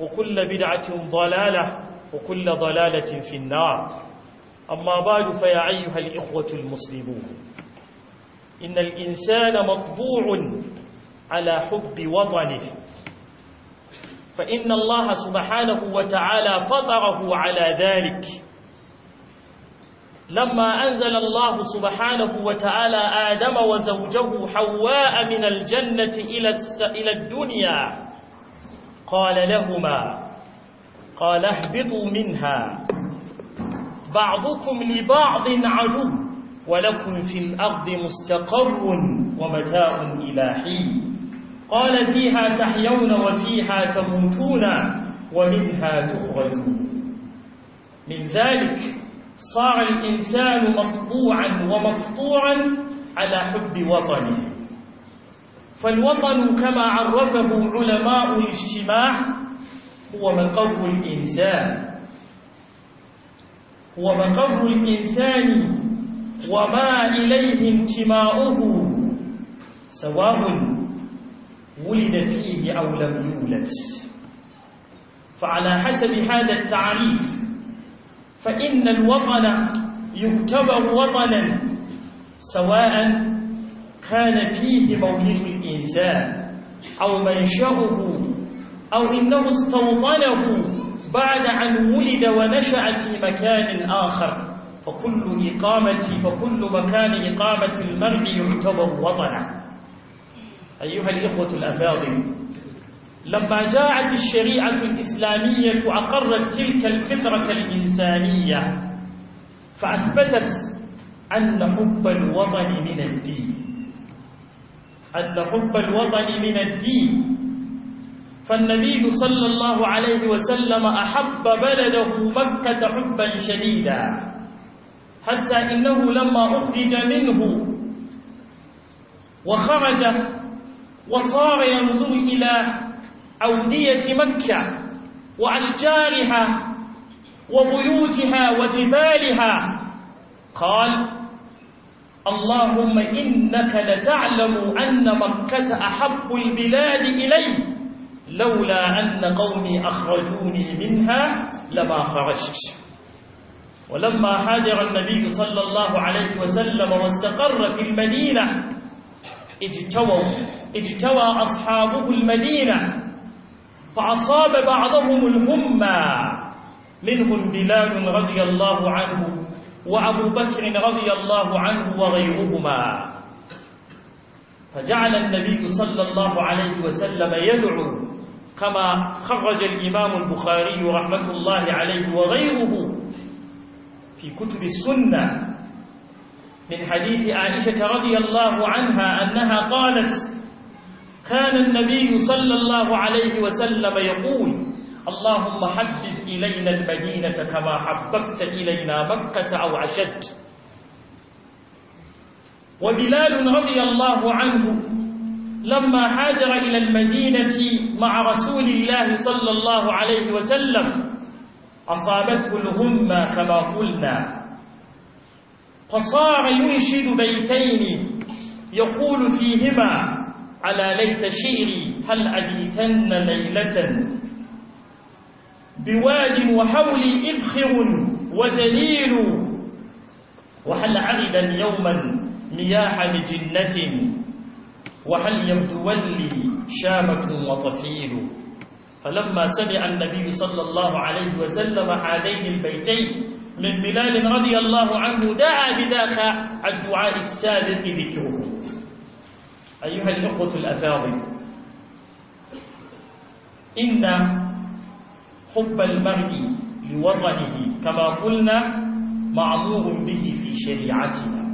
وكل بدعة ضلالة وكل ضلالة في النار أما بعد فيا أيها الإخوة المسلمون إن الإنسان مطبوع على حب وطنه فإن الله سبحانه وتعالى فطره على ذلك لما أنزل الله سبحانه وتعالى آدم وزوجه حواء من الجنة إلى الدنيا قال لهما قال اهبطوا منها بعضكم لبعض عدو ولكم في الأرض مستقر ومتاع إلى حين قال فيها تحيون وفيها تموتون ومنها تخرجون من ذلك صار الإنسان مطبوعا ومفطوعا على حب وطنه فالوطن كما عرفه علماء الاجتماع هو مقر الإنسان هو مقر الإنسان وما إليه انتماؤه سواء ولد فيه أو لم يولد فعلى حسب هذا التعريف فإن الوطن يكتب وطنا سواء كان فيه مولد الإنسان أو منشأه أو إنه استوطنه بعد أن ولد ونشأ في مكان آخر فكل إقامة فكل مكان إقامة المرء يعتبر وطنا أيها الإخوة الأفاضل لما جاءت الشريعة الإسلامية أقرت تلك الفطرة الإنسانية فأثبتت أن حب الوطن من الدين أن حب الوطن من الدين فالنبي صلى الله عليه وسلم أحب بلده مكة حبا شديدا حتى إنه لما أخرج منه وخرج وصار ينظر إلى أودية مكة وأشجارها وبيوتها وجبالها قال اللهم إنك لتعلم أن مكة أحب البلاد إلي لولا أن قومي أخرجوني منها لما خرجت ولما هاجر النبي صلى الله عليه وسلم واستقر في المدينة اجتوى, اجتوى أصحابه المدينة فأصاب بعضهم الهمة منهم بلال رضي الله عنه وأبو بكر رضي الله عنه وغيرهما فجعل النبي صلى الله عليه وسلم يدعو كما خرج الإمام البخاري رحمة الله عليه وغيره في كتب السنة من حديث عائشة رضي الله عنها أنها قالت كان النبي صلى الله عليه وسلم يقول اللهم حبب إلينا المدينة كما حببت إلينا مكة أو أشد وبلال رضي الله عنه لما هاجر إلى المدينة مع رسول الله صلى الله عليه وسلم أصابته الهمة كما قلنا فصار ينشد بيتين يقول فيهما على ليت شئري هل أبيتن ليلة بواد وحولي إذخر وجليل وحل عذبا يوما مياح مجنة وحل يبدو لي شامة وطفيل فلما سمع النبي صلى الله عليه وسلم هذين البيتين من بلال رضي الله عنه دعا بداخا الدعاء السابق ذكره أيها الأخوة الأفاضل إن حب المرء لوطنه كما قلنا معمور به في شريعتنا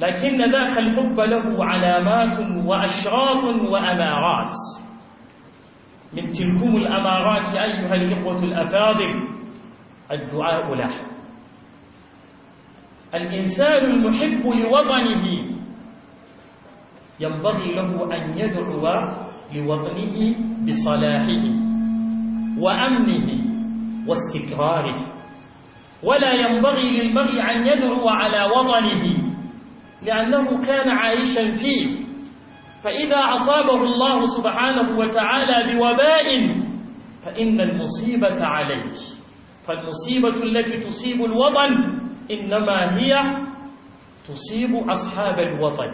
لكن ذاك الحب له علامات وأشراط وأمارات من تلكم الأمارات أيها الإخوة الأفاضل الدعاء له الإنسان المحب لوطنه ينبغي له أن يدعو لوطنه بصلاحه وأمنه واستقراره ولا ينبغي للمرء أن يدعو على وطنه لأنه كان عايشا فيه فإذا أصابه الله سبحانه وتعالى بوباء فإن المصيبة عليه فالمصيبة التي تصيب الوطن إنما هي تصيب أصحاب الوطن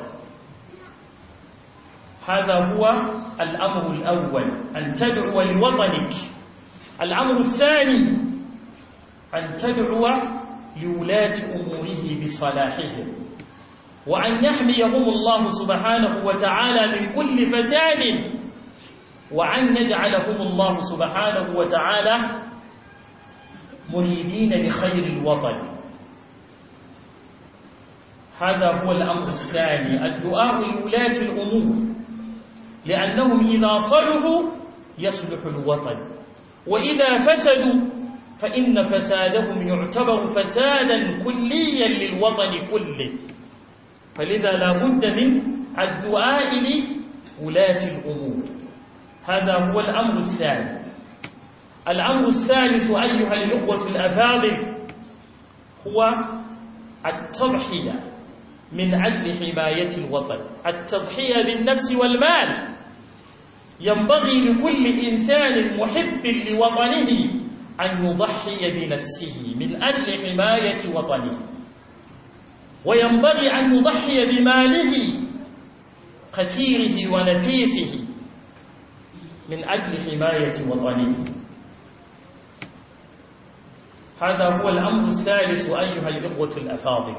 هذا هو الأمر الأول أن تدعو لوطنك الأمر الثاني أن تدعو لولاة أموره بصلاحهم وأن يحميهم الله سبحانه وتعالى من كل فساد وأن يجعلهم الله سبحانه وتعالى مريدين لخير الوطن هذا هو الأمر الثاني الدعاء لولاة الأمور لأنهم إذا صلحوا يصلح الوطن وإذا فسدوا فإن فسادهم يعتبر فسادا كليا للوطن كله فلذا لا بد من الدعاء لولاة الأمور هذا هو الأمر الثاني الأمر الثالث أيها الإخوة الأفاضل هو التضحية من أجل حماية الوطن التضحية بالنفس والمال ينبغي لكل إنسان محب لوطنه أن يضحي بنفسه من أجل حماية وطنه وينبغي أن يضحي بماله قثيره ونفيسه من أجل حماية وطنه هذا هو الأمر الثالث أيها الإخوة الأفاضل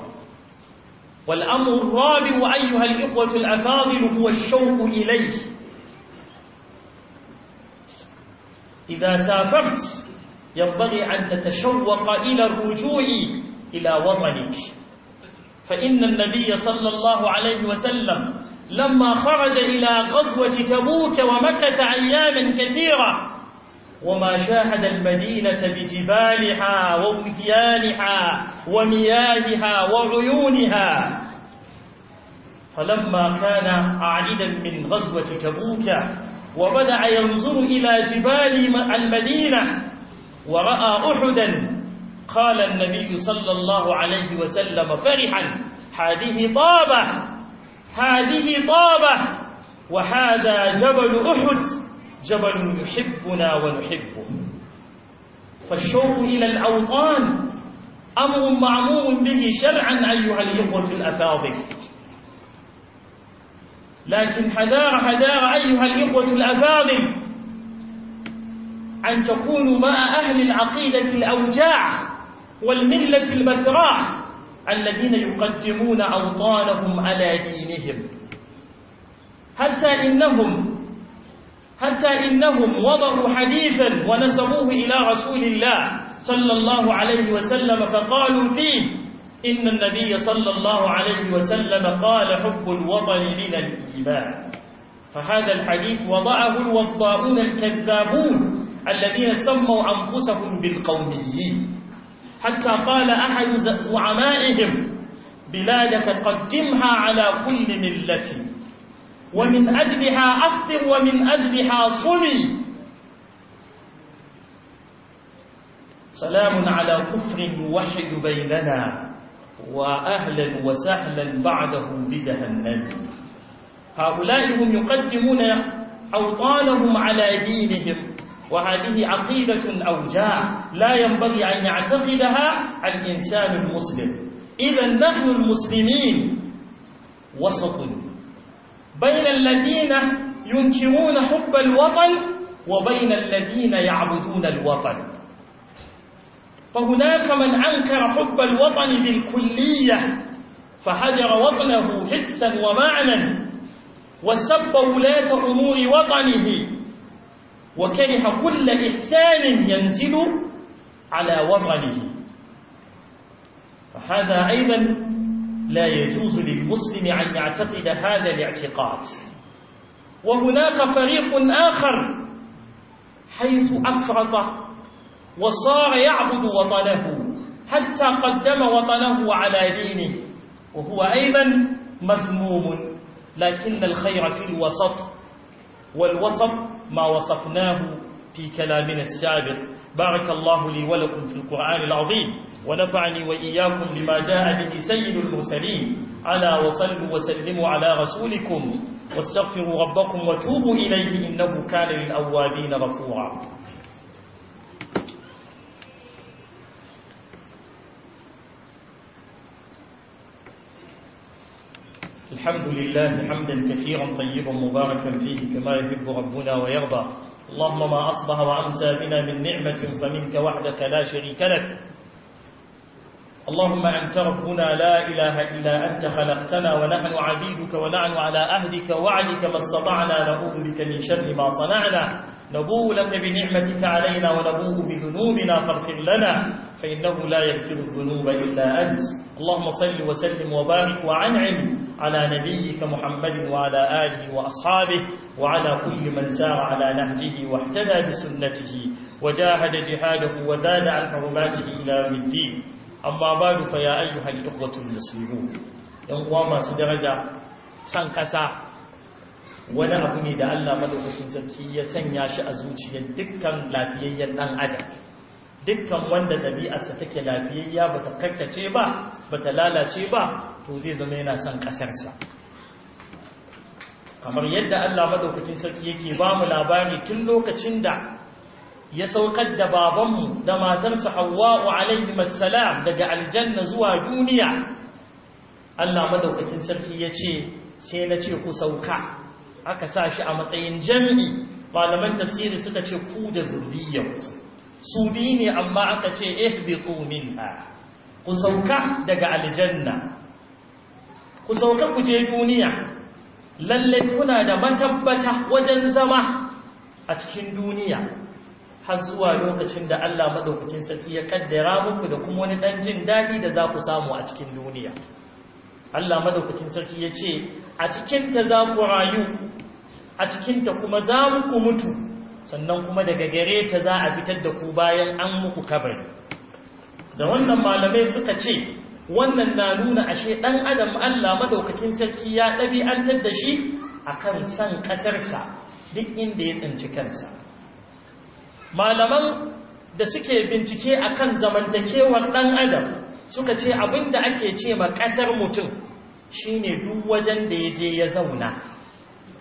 والأمر الرابع أيها الإخوة الأفاضل هو الشوق إليه إذا سافرت ينبغي أن تتشوق إلى الرجوع إلى وطنك فإن النبي صلى الله عليه وسلم لما خرج إلى غزوة تبوك ومكث أياما كثيرة وما شاهد المدينة بجبالها ووديانها ومياهها وعيونها فلما كان عائدا من غزوة تبوك وبدأ ينظر إلى جبال المدينة ورأى أحدا قال النبي صلى الله عليه وسلم فرحا هذه طابة هذه طابة وهذا جبل أحد جبل يحبنا ونحبه فالشوق إلى الأوطان أمر معمور به شرعا أيها الإخوة الأفاضل لكن حذار حذار أيها الإخوة الأفاضل أن تكونوا مع أهل العقيدة الأوجاع والملة البتراء الذين يقدمون أوطانهم على دينهم حتى إنهم حتى إنهم وضعوا حديثا ونسبوه إلى رسول الله صلى الله عليه وسلم فقالوا فيه إن النبي صلى الله عليه وسلم قال حب الوطن من الإيمان فهذا الحديث وضعه الوضاؤون الكذابون الذين سموا أنفسهم بالقوميين حتى قال أحد زعمائهم بلادك قدمها على كل ملة ومن أجلها أفطر ومن أجلها صلي سلام على كفر يوحد بيننا وأهلا وسهلا بعده بجهنم هؤلاء هم يقدمون أوطانهم على دينهم وهذه عقيدة أوجاع لا ينبغي أن يعتقدها الإنسان المسلم إذا نحن المسلمين وسط بين الذين ينكرون حب الوطن وبين الذين يعبدون الوطن فهناك من أنكر حب الوطن بالكلية فحجر وطنه حسا ومعنى وسب ولاة أمور وطنه وكره كل إحسان ينزل على وطنه فهذا أيضا لا يجوز للمسلم أن يعتقد هذا الاعتقاد وهناك فريق آخر حيث أفرط وصار يعبد وطنه حتى قدم وطنه على دينه وهو أيضا مذموم لكن الخير في الوسط والوسط ما وصفناه في كلامنا السابق بارك الله لي ولكم في القرآن العظيم ونفعني وإياكم لما جاء به سيد المرسلين على وصلوا وسلموا على رسولكم واستغفروا ربكم وتوبوا إليه إنه كان للأوابين غفورا الحمد لله حمدا كثيرا طيبا مباركا فيه كما يحب ربنا ويرضى اللهم ما أصبح وأمسى بنا من نعمة فمنك وحدك لا شريك لك اللهم أنت ربنا لا إله إلا أنت خلقتنا ونحن عبيدك ونحن على أهدك وعيك ما استطعنا نعوذ بك من شر ما صنعنا نبوء لك بنعمتك علينا ونبوء بذنوبنا فاغفر لنا فإنه لا يغفر الذنوب إلا أنت اللهم صل وسلم وبارك وعنعم ka على نبيك محمد وعلى آله وأصحابه وعلى كل من سار على نهجه واحتنى بسنته وجاهد جهاده وذال عن حرماته إلى الدين أما بعد فيا أيها uwa masu daraja سدرجة ƙasa wani abu ne da Allah malaukakin sarki ya sanya shi a zuciyar dukkan lafiyayyen dan adam dukkan wanda dabi'arsa take lafiyayya bata karkace ba bata lalace ba to zai zama yana son ƙasarsa kamar yadda Allah madaukakin sarki yake ba mu labari tun lokacin da ya saukar da babanmu da matarsa Hawwa'u alaihi assalam daga aljanna zuwa duniya Allah madaukakin sarki ya ce sai na ce ku sauka aka sa shi a matsayin jami'i malaman tafsiri suka ce ku da zurbiyyarku su biyu ne amma aka ce ihbitu minha ku sauka daga aljanna ku sauka ku je duniya lalle kuna da matabbata wajen zama a cikin duniya har zuwa lokacin da Allah madaukakin sarki ya kaddara muku da kuma wani dan jin dadi da za ku samu a cikin duniya Allah madaukakin sarki ya ce a cikin ta za ku rayu a cikin ta kuma za ku mutu sannan kuma daga gare ta za a fitar da ku bayan an muku kabari da wannan malamai suka ce wannan na nuna ashe ɗan adam Allah madaukakin sarki ya ɗabi'antar da shi akan san ƙasarsa duk inda ya tsinci kansa malaman da suke bincike a kan zamantakewar ɗan adam suka ce abin da ake ce ma ƙasar mutum shine duk wajen da ya je ya zauna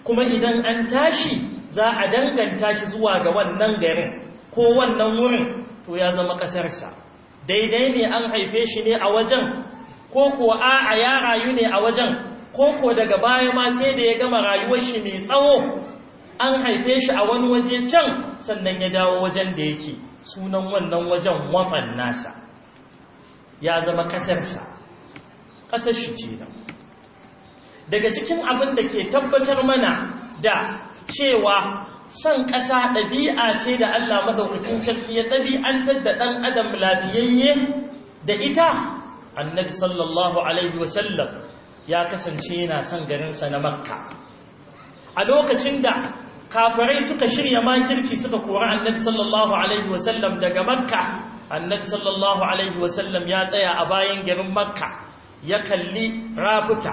kuma idan an tashi za a danganta shi zuwa ga wannan garin ko wannan wurin to ya zama ƙasarsa daidai ne an haife shi ne a wajen ko kuwa a'a ya rayu ne a wajen ko ko daga baya ma sai da ya gama rayuwar shi mai tsawo an haife shi a wani waje can sannan ya dawo wajen da yake sunan wannan wajen wafan nasa ya zama kasarsa kasar shi ce nan daga cikin abin da ke tabbatar mana da cewa san ƙasa ɗabi'a ce da Allah maɗaukacin sarki ya ɗabi'antar da ɗan adam lafiyayye da ita annabi sallallahu alaihi wasallam ya kasance yana son garinsa na makka a lokacin da kafirai suka shirya makirci suka kori annabi sallallahu alaihi wasallam daga makka annabi sallallahu alaihi wasallam ya tsaya a bayan garin makka ya kalli rafuta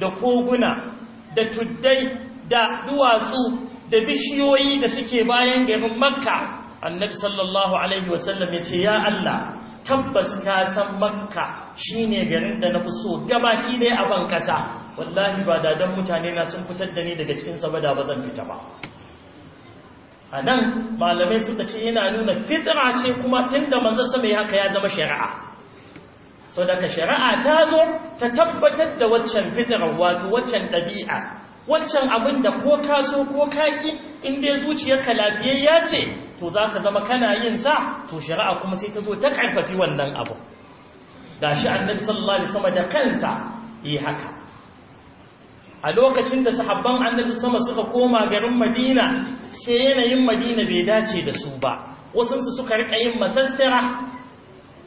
da koguna da tuddai da duwatsu da bishiyoyi da suke bayan garin makka annabi sallallahu alaihi wasallam ya ce ya Allah tabbas ka san makka shine garin da na fi so ki ne a ban kasa wallahi ba da dan mutane na sun fitar da ni daga cikin sa ba da bazan fita ba anan malamai suka ce yana nuna fitra ce kuma tunda manzo sama haka ya zama shari'a sau daga shari'a ta zo ta tabbatar da waccan fitra wato waccan ɗabi'a wancan abin da ko ka so ko kaki in dai zuciyarka lafiyayya ce to za ka zama kana yin sa to shari'a kuma sai ta zo ta karfafi wannan abu da shi annabi sallallahu alaihi wasallam da kansa yi haka a lokacin da sahabban annabi sama suka koma garin madina sai yanayin madina bai dace da su ba wasansu suka rika yin masassara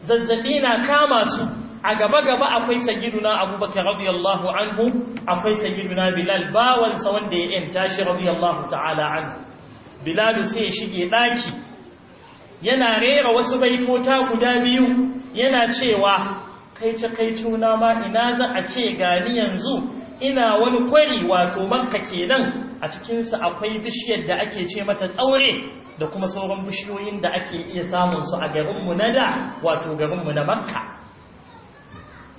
zazzabi na kama su a gaba-gaba akwai sagiduna abubakar radiyallahu anhu akwai sagiduna bilal bawansa wanda ya yanta shi radiyallahu ta'ala anhu bilalu sai ya shige ɗaki yana rera wasu baifota guda biyu yana cewa kaice kaice na ma ina za a ce gani yanzu ina wani kwari wato makka kenan a cikinsu akwai bishiyar da ake ce mata tsaure da kuma sauran bishiyoyin da ake iya samun su a garinmu na da wato garinmu na makka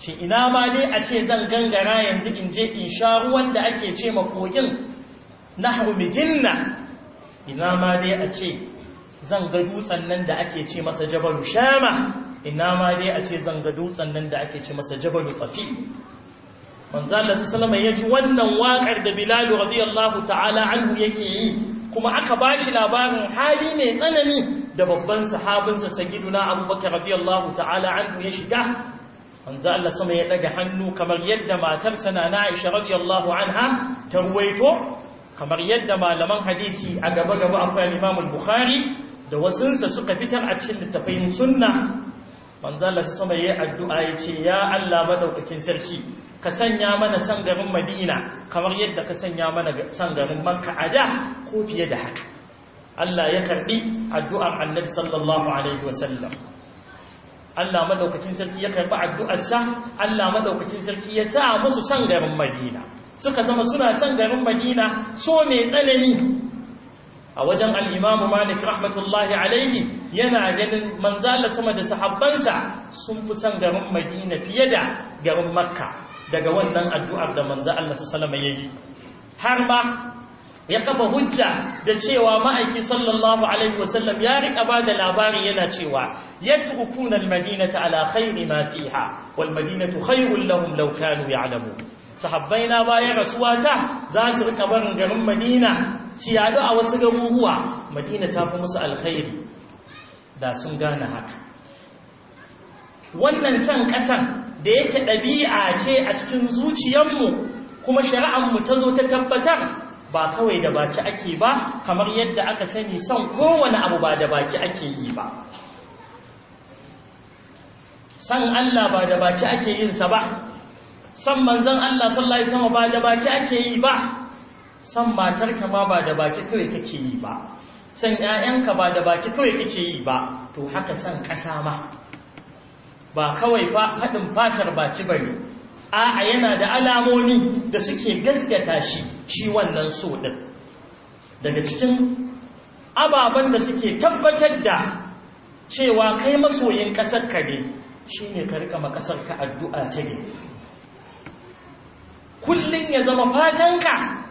ce ina ma dai a ce zan gangara yanzu in je in sha ruwan da ake ce ma kogin nahru jinna ina ma dai a ce zan ga dutsen nan da ake ce masa jabalu shama ina ma dai a ce zan ga dutsen nan da ake ce masa jabalu tafi manzo Allah sallallahu ya ji wannan waƙar da bilalu radiyallahu ta'ala anhu yake yi kuma aka ba shi labarin hali mai tsanani da babban sahabinsa na Abubakar radiyallahu ta'ala anhu ya shiga manzo Allah sama ya daga hannu kamar yadda matarsa na Aisha radiyallahu anha ta ruwaito kamar yadda malaman hadisi a gaba gaba akwai Imam bukhari da wasunsa suka fitar a cikin littafin sunna manzo Allah sama ya addu'a ya ce ya Allah maɗaukakin sarki ka sanya mana san garin Madina kamar yadda ka sanya mana san garin Makka a da ko fiye da haka Allah ya karɓi addu'ar Annabi sallallahu alaihi wasallam Allah madaukakin sarki ya karɓi addu'arsa Allah madaukakin sarki ya sa musu san garin Madina suka zama suna san garin Madina so mai tsanani a wajen al-Imam Malik rahmatullahi alaihi yana ganin manzala sama da sahabbansa sun fi san garin Madina fiye da garin Makka daga wannan addu'ar da manzo Allah sallallahu alaihi wasallam yayi har ma ya kafa hujja da cewa ma'aiki sallallahu alaihi wasallam ya rika ba da labari yana cewa yatrukuna hukunan ala khairi ma fiha wal madinatu khairul lahum law kanu ya'lamun sahabbai na bayan rasuwata za su rika barin garin madina su yadu a wasu garuruwa madina ta fi musu alkhairi da sun gane haka wannan san kasan da yake ɗabi'a ce a cikin zuciyarmu kuma mu ta zo ta tabbatar ba kawai da baki ake ba kamar yadda aka sani son kowane abu ba da baki ake yi ba san Allah ba da baki ake yin ba san manzon Allah sallallahu alaihi wasallam ba da baki ake yi ba san matarka ma ba da baki kawai kake yi ba san ƴaƴanka ba da baki kawai kake yi ba to haka san ƙasa ma ba kawai ba haɗin fatar baci bane a'a yana da alamomi da suke gaskata shi shi wannan so daga cikin ababen da suke tabbatar da cewa kai masoyin kasar ka ne shine ka rika makasar ka addu'a ta ne Kullum ya zama fatanka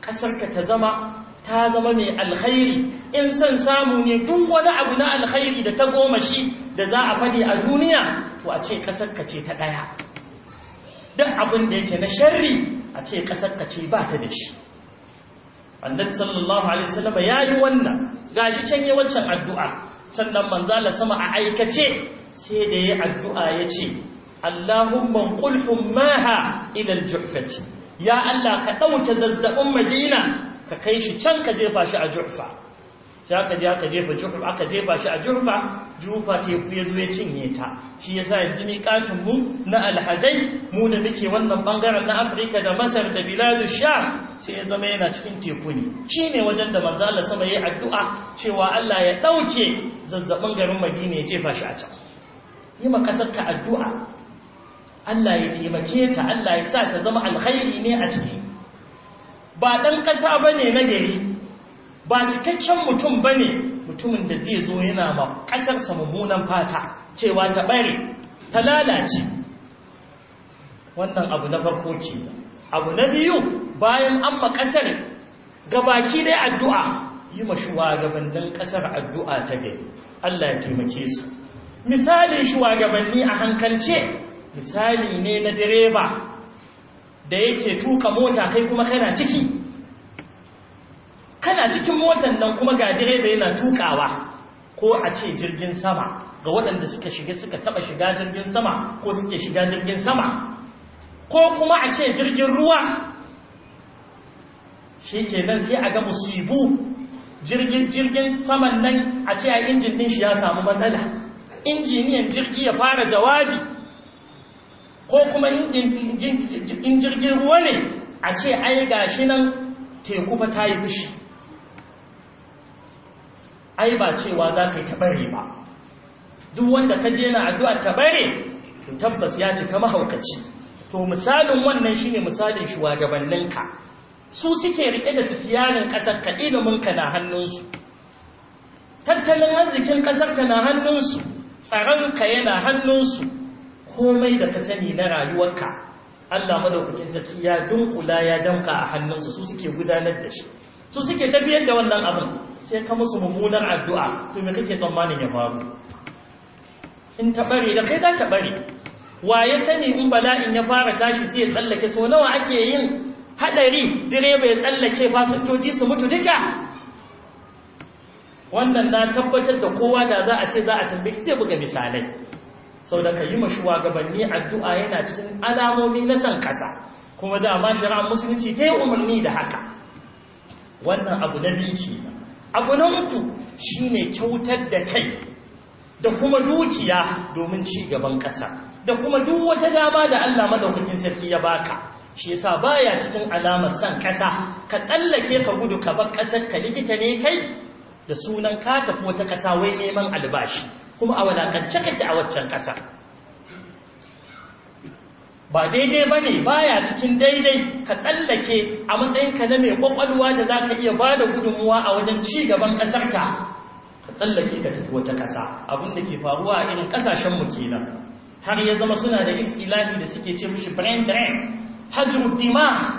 kasar ka ta zama ta zama mai alkhairi in son samu ne duk wani abu na alkhairi da ta goma shi da za a faɗi a duniya to a ce kasar ka ce ta ɗaya duk abin da yake na sharri a ce kasar ka ce ba ta da shi annabi sallallahu alaihi ya yi wannan shi can yi wancan addu'a sannan manzala sama a aikace sai da yayi addu'a yace Allahumma qul hummaha maha al-juhfati ya Allah ka dauke zazzaɓin Madina ka kai shi can ka jefa shi a juhfa sai aka je aka jefa juhfa aka jefa shi a juhfa jufa teku ya zo ya cinye ta shi yasa yanzu miƙatin mu na alhazai mu da muke wannan bangaren na afirka da masar da biladu sha sai ya zama yana cikin teku ne shi ne wajen da manzo Allah sama yayi addu'a cewa Allah ya ɗauke zazzabin garin madina ya jefa shi a can yi ma kasar ka addu'a Allah ya taimake ta Allah ya sa ta zama alkhairi ne a ciki ba ɗan ƙasa ba ne na gari ba cikakken mutum ba ne mutumin da zai zo yana ma ƙasarsa mummunan fata cewa ta ɓare ta lalace wannan abu na farko ce abu na biyu bayan an ma ƙasar gabaki dai addu'a yi ma shugabannin ƙasar addu'a ta gai Allah ya taimake su Misali shugabanni a hankalce misali ne na direba da yake tuka mota kai kuma kana ciki kana cikin motan nan kuma ga direba yana tukawa ko a ce jirgin sama ga waɗanda suka shiga suka taɓa shiga jirgin sama ko suke shiga jirgin sama ko kuma a ce jirgin ruwa shi ke nan sai a ga musibu jirgin saman nan a ce a injin ɗin shi ya samu matsala injiniyan jirgi ya fara jawabi ko kuma in jirgin ruwa ne a ce ai gashi nan teku fa ta yi fushi ai ba cewa za ka yi tabare ba duk wanda ka je na addu'a tabare to tabbas ya cika mahaukaci to misalin wannan shine misalin shugabanninka su suke rike da sitiyanin kasar ka na hannunsu tattalin arzikin kasar ka na hannunsu tsaron ka yana hannunsu komai da ka sani na rayuwarka Allah madaukakin sarki ya dunkula ya danka a hannunsu su suke gudanar da shi su suke tafiyar da wannan abin sai ka musu mummunar addu'a to mai kake tsammanin ya faru in taɓare da kai za ta bare wa ya sani in bala'in ya fara tashi sai ya tsallake so nawa ake yin haɗari direba ya tsallake fasinjoji su mutu duka wannan na tabbatar da kowa da za a ce za a tambayi sai buga misalai sau da ka yi ma shugabanni addu'a yana cikin alamomi na san kasa kuma da dama shara musulunci ta yi umarni da haka wannan abu na biki abu na uku shine kyautar da kai da kuma dukiya domin ci gaban ƙasa da kuma duk wata dama da Allah madaukakin sarki ya baka shi yasa baya cikin alamar san ƙasa ka tsallake ka gudu ka bar ƙasar ka likita ne kai da sunan ka tafi wata ƙasa wai neman albashi kuma a wadakance kake a waccan ƙasa ba daidai ba ne baya cikin daidai ka tsallake a matsayinka na mai kwakwalwa da za ka iya ba da gudunmuwa a wajen ci gaban ƙasarka ka tsallake ka tafi wata ƙasa abinda ke faruwa a irin ƙasashenmu kenan har ya zama suna da istilahi da suke ce mushi brain drain hajru dima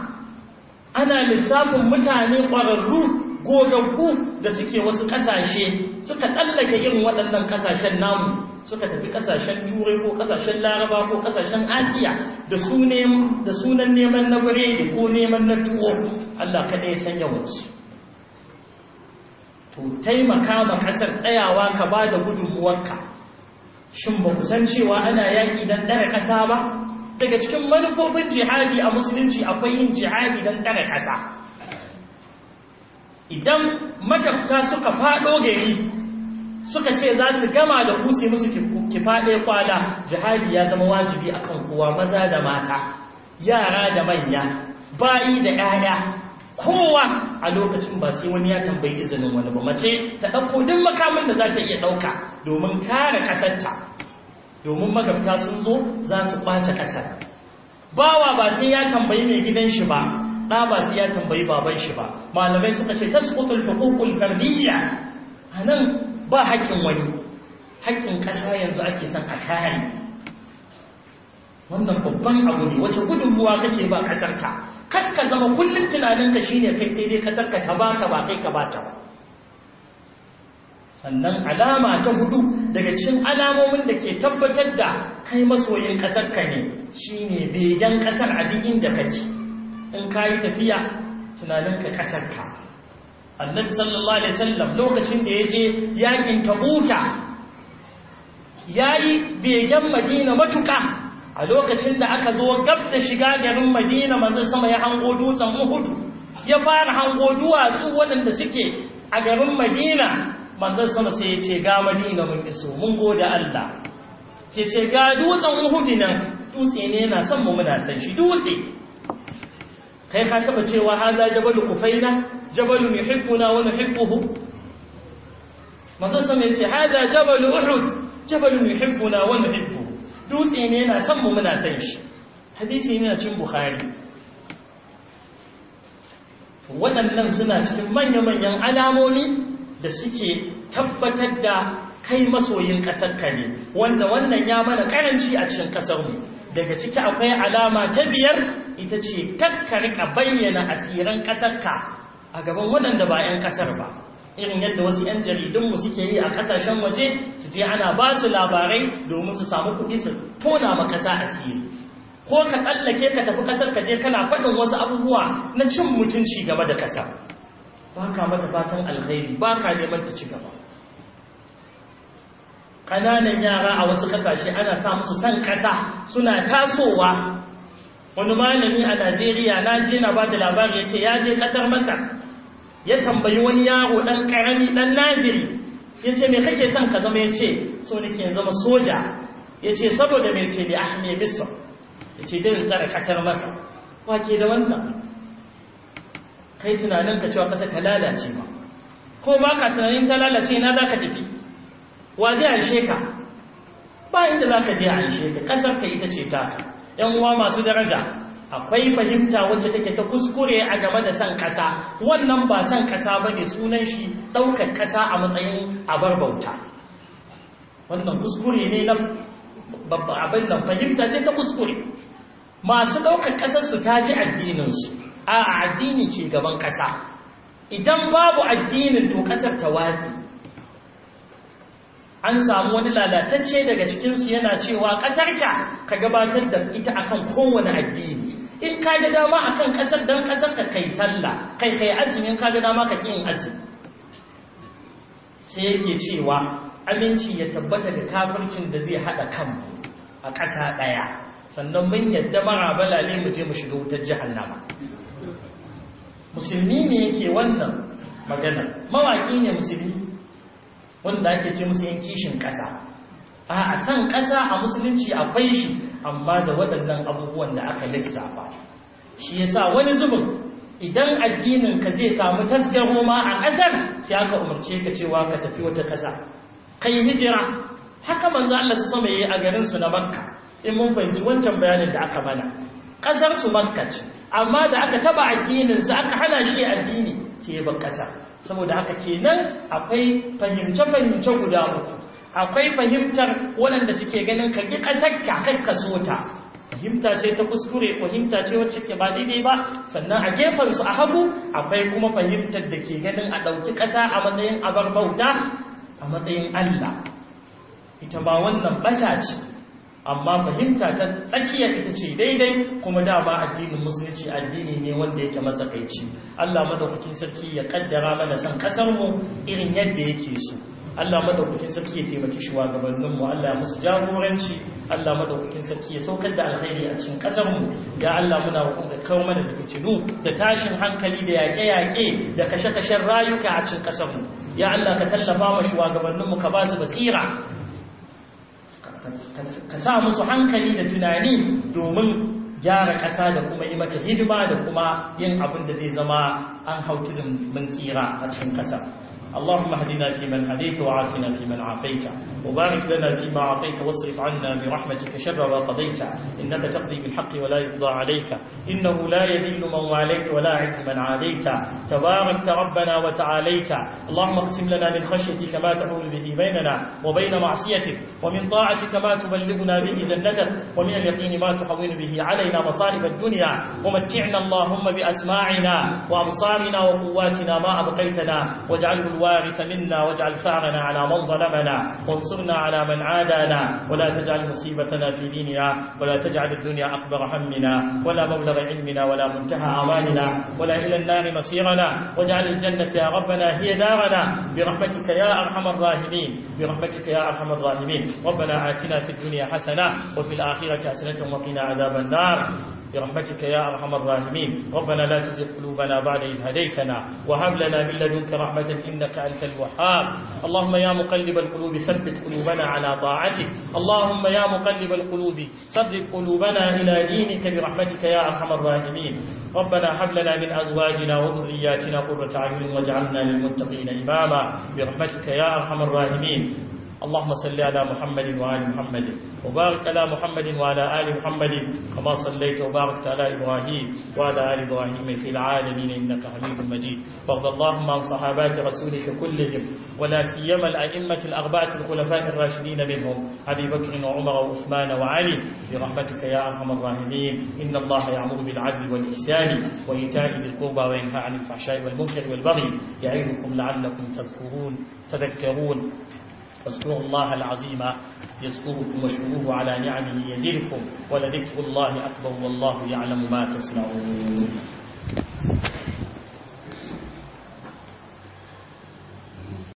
ana lissafin mutane ƙwararru gogaggu da suke wasu ƙasashe suka tsallake irin waɗannan ƙasashen namu suka tafi kasashen turai ko kasashen laraba ko kasashen asiya da sunan neman na biredi ko neman na tuwo allah kada ya sanya yawansu to taimaka ma kasar tsayawa ka ba da gudunmuwarka shin ba ku san cewa ana yaƙi don ɗara ƙasa ba daga cikin manufofin jihadi a musulunci akwai yin jihadi don tsare ƙasa idan matafta suka faɗo gari suka ce za su gama da kusi musu kifaɗe kwada jihadi ya zama wajibi a kan kowa maza da mata yara da manya bayi da 'ya'ya kowa a lokacin ba sai wani ya tambayi izinin wani ba mace ta ɗauko duk makamin da za ta iya ɗauka domin kare ƙasarta domin magabta sun zo za su ɓace ƙasar bawa ba sai ya tambayi mai gidan shi ba ɗa ba sai ya tambayi baban shi ba malamai suka ce ta tasqutul huququl fardiyya anan ba haƙƙin wani haƙƙin ƙasa yanzu ake son a kare wannan babban abu ne wace gudunmuwa kake ba ƙasarka kar ka zama kullum tunaninka shi ne kai sai dai ƙasarka ta ba ka ba kai ka ba ta ba sannan alama ta hudu daga cikin alamomin da ke tabbatar da kai masoyin ƙasarka ne shi ne begen ƙasar a duk inda ci. in ka yi tafiya tunaninka ƙasarka annabi sallallahu alaihi wasallam lokacin da ya je yakin tabuka yayi begen madina matuka a lokacin da aka zo gab da shiga garin madina manzo sama ya hango dutsen uhud ya fara hango duwatsu waɗanda suke a garin madina manzo sama sai ya ce ga madina mun iso mun gode Allah sai ce ga dutsen uhud nan dutse ne yana son mu muna san shi dutse kai ka taba cewa haza jabal kufaina jabalun yuhibbuna wa nuhibbuhu manzo sa mai ce hada Jabalu uhud jabalun yuhibbuna wa nuhibbuhu dutse ne yana san mu muna san shi hadisi ne na cin bukhari waɗannan suna cikin manya-manyan alamomi da suke tabbatar da kai masoyin ƙasar ka ne wanda wannan ya mana ƙaranci a cikin ƙasarmu daga ciki akwai alama ta biyar ita ce kakkarka bayyana asirin ƙasar ka a gaban waɗanda ba 'yan ƙasar ba irin yadda wasu 'yan jaridunmu suke yi a ƙasashen waje su je ana ba su labarai domin su samu kuɗi su tona ma ƙasa asiri ko ka tsallake ka tafi ƙasar ka je kana faɗin wasu abubuwa na cin mutunci game da ƙasa ba ka mata fatan alkhairi ba ka neman ta ci gaba ƙananan yara a wasu ƙasashe ana sa musu san ƙasa suna tasowa wani malami a najeriya na je na ba da labari ya ce ya je ƙasar masar ya tambayi wani yaro ɗan ƙarami ɗan naziri ya ce me kake son ka zama ya ce so ke zama soja ya ce saboda mai ce da ahme bisa ya ce dai tsara kasar masa ke da wannan kai tunanin ka cewa kasa ta lalace ba ko ba ka tunanin ta lalace na za ka tafi wa zai anshe ka ba inda za ka je a haishe ka kasar ka ita ce ta yan uwa masu daraja akwai fahimta wacce take ta kuskure a game da san ƙasa wannan ba san ƙasa ba ne sunan shi ɗaukar ƙasa a matsayin abar bauta wannan kuskure ne na abin da fahimta ce ta kuskure masu ɗaukar ƙasarsu ta ji addininsu a addini ke gaban ƙasa idan babu addinin to ƙasar ta watsi an samu wani lalatacce daga cikinsu yana cewa ƙasarka ka gabatar da ita akan kowane addini in ka ga dama akan ƙasar, dan ƙasar ka kai sallah kai kai azumin ka ga dama ka yin azumi sai yake cewa aminci ya tabbata da kafircin da zai haɗa kanmu a ƙasa ɗaya sannan mun yadda bala ne mu je mu shiga wutar jahannama musulmi ne yake wannan magana mawaƙi ne musulmi wanda ake ce musu yan kishin ƙasa a san ƙasa a musulunci akwai shi amma da waɗannan abubuwan da aka lissafa shi yasa wani zubin idan addinin ka zai samu tasgaro ma a ƙasar sai aka umarce ka cewa ka tafi wata ƙasa kai hijira haka manzo Allah su sama yayi a garin su na Makka in mun fahimci wancan bayanin da aka mana ƙasar su Makka ce amma da aka taba addinin sa aka hana shi addini sai ya bar ƙasa saboda haka kenan akwai fahimce fahimce guda uku akwai fahimtar waɗanda suke ganin ka ƙi ƙasar ka kai ka so ta fahimta ce ta kuskure fahimta ce wacce ke ba daidai ba sannan a gefen su a hagu akwai kuma fahimtar da ke ganin a ɗauki ƙasa a matsayin abar bauta a matsayin Allah ita ba wannan bata ce amma fahimta ta tsakiyar ita ce daidai kuma da ba addinin musulunci addini ne wanda yake matsakaici Allah madaukakin sarki ya kaddara mana san kasar mu irin yadda yake so Allah madaukakin sarki ya taimaki shugabannin mu Allah ya musu jagoranci Allah madaukakin sarki ya saukar da alheri a cikin kasar mu ya Allah muna roƙon ka kawo mana da fitinu da tashin hankali da yaƙe-yaƙe da kashe-kashen rayuka a cikin kasar mu ya Allah ka tallafa ma shugabannin mu ka ba su basira ka sa musu hankali da tunani domin gyara ƙasa da kuma yi mata hidima da kuma yin abin da zai zama an hau tudun mun tsira a cikin ƙasa اللهم اهدنا فيمن هديت وعافنا فيمن عافيت وبارك لنا فيما أعطيت واصرف عنا برحمتك شر ما قضيت إنك تقضي بالحق ولا يقضى عليك إنه لا يذل من واليت ولا عز من عاديت تباركت ربنا وتعاليت اللهم اقسم لنا من خشيتك ما تحول به بيننا وبين معصيتك ومن طاعتك ما تبلغنا به جنتك ومن اليقين ما تحول به علينا مصائب الدنيا ومتعنا اللهم بأسماعنا وأبصارنا وقواتنا ما أبقيتنا واجعله الوارث منا واجعل ثارنا على من ظلمنا وانصرنا على من عادانا ولا تجعل مصيبتنا في ديننا ولا تجعل الدنيا أكبر همنا ولا مبلغ علمنا ولا منتهى آمالنا ولا إلى النار مصيرنا واجعل الجنة يا ربنا هي دارنا برحمتك يا أرحم الراحمين برحمتك يا أرحم الراحمين ربنا آتنا في الدنيا حسنة وفي الآخرة حسنة وقنا عذاب النار برحمتك يا أرحم الراحمين ربنا لا تزغ قلوبنا بعد إذ هديتنا وهب لنا من لدنك رحمة إنك أنت الوهاب اللهم يا مقلب القلوب ثبت قلوبنا على طاعتك اللهم يا مقلب القلوب ثبت قلوبنا إلى دينك برحمتك يا أرحم الراحمين ربنا هب لنا من أزواجنا وذرياتنا قرة أعين واجعلنا للمتقين إماما برحمتك يا أرحم الراحمين اللهم صل على محمد وعلى محمد وبارك على محمد وعلى آل محمد كما صليت وباركت على إبراهيم وعلى آل إبراهيم في العالمين إنك حميد مجيد وارض اللهم عن صحابات رسولك كلهم ولا سيما الأئمة الأربعة الخلفاء الراشدين منهم أبي بكر وعمر وعثمان وعلي برحمتك يا أرحم الراحمين إن الله يعمر بالعدل والإحسان وإيتاء ذي القربى وينهى عن الفحشاء والمنكر والبغي يعظكم لعلكم تذكرون تذكرون فاذكروا الله العظيم يذكركم واشكروه على نعمه يزدكم ولذكر الله أكبر والله يعلم ما تصنعون